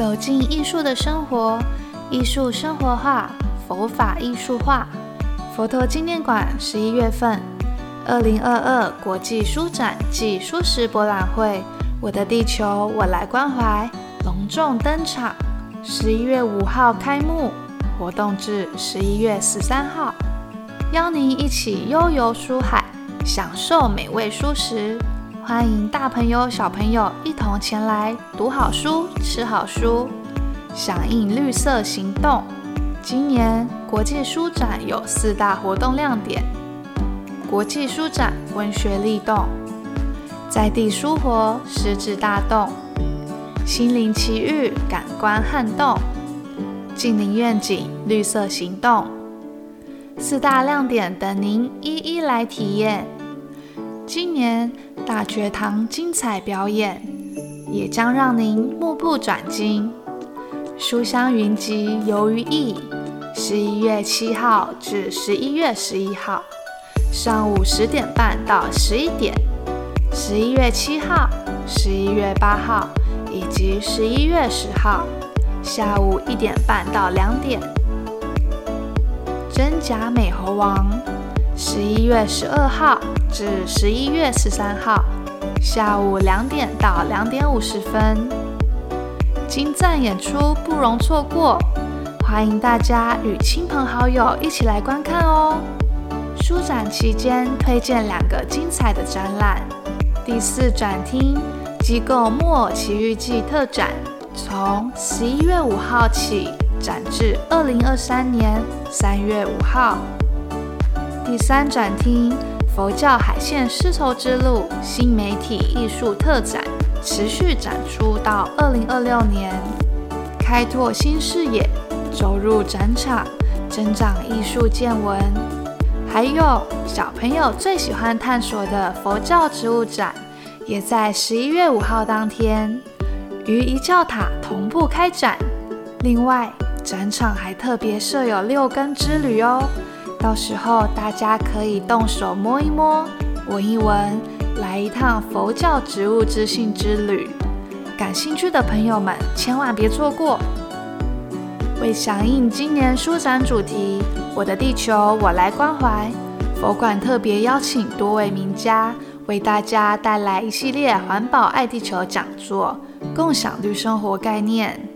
走進藝術的生活，藝術生活化，佛法藝術化。佛陀紀念館十一月份，二零二二國際書展暨蔬食博覽會，我的地球我來關懷，隆重登場，十一月五號開幕，活動至十一月十三號，邀您一起悠游書海，享受美味蔬食。歡迎大朋友、小朋友一同前來讀好書、吃好蔬，響應綠色行動。今年國際書展有四大活動亮點：國際書展文學立動，在地蔬活食指大動，心靈奇遇感官撼動，淨零願景綠色行動。四大亮點等您一一來體驗。今年大覺堂精彩表演也將讓您目不轉睛。書香雲集游於藝，十一月七號至十一月十一號，上午十點半到十一點，十一月七號、十一月八號以及十一月十號，下午一點半到兩點。真假美猴王。十一月十二號至十一月十三號，下午兩點到兩點五十分，精湛演出不容錯過，歡迎大家與親朋好友一起來觀看哦。書展期間推薦兩個精彩的展覽：第四展廳《機構木偶奇遇記》特展，從十一月五號起展至二零二三年三月五號。第三展廳佛教海線絲綢之路新媒體藝術特展持續展出到二零二六年，開拓新視野，走入展場，增長藝術見聞。還有小朋友最喜歡探索的佛教植物展，也在十一月五號當天與一教塔同步開展。另外，展場還特別設有六根之旅哦。到時候大家可以動手摸一摸、聞一聞，來一趟佛教植物知性之旅。感興趣的朋友們千萬別錯過。為響應今年書展主題“我的地球我來關懷”，佛館特別邀請多位名家為大家帶來一系列環保愛地球講座，共享綠生活概念。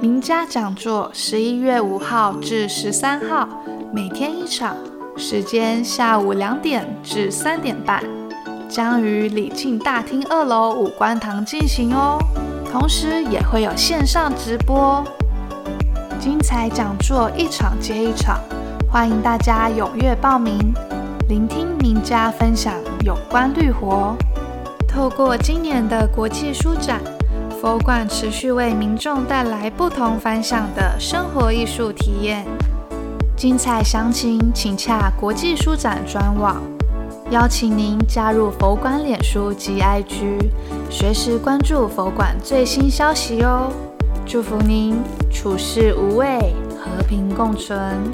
名家講座十一月五號至十三號。每天一場，時間下午兩點至三點半，將於禮敬大廳二樓五觀堂進行哦。同時也會有線上直播哦。精彩講座一場接一場，歡迎大家踴躍報名，聆聽名家分享有關綠活。透過今年的國際書展，佛館持續為民眾帶來不同凡響的生活藝術體驗。精彩詳情，請洽國際書展專網。邀請您加入佛館臉書及 IG，隨時關注佛館最新消息哦。祝福您處事無畏，和平共存。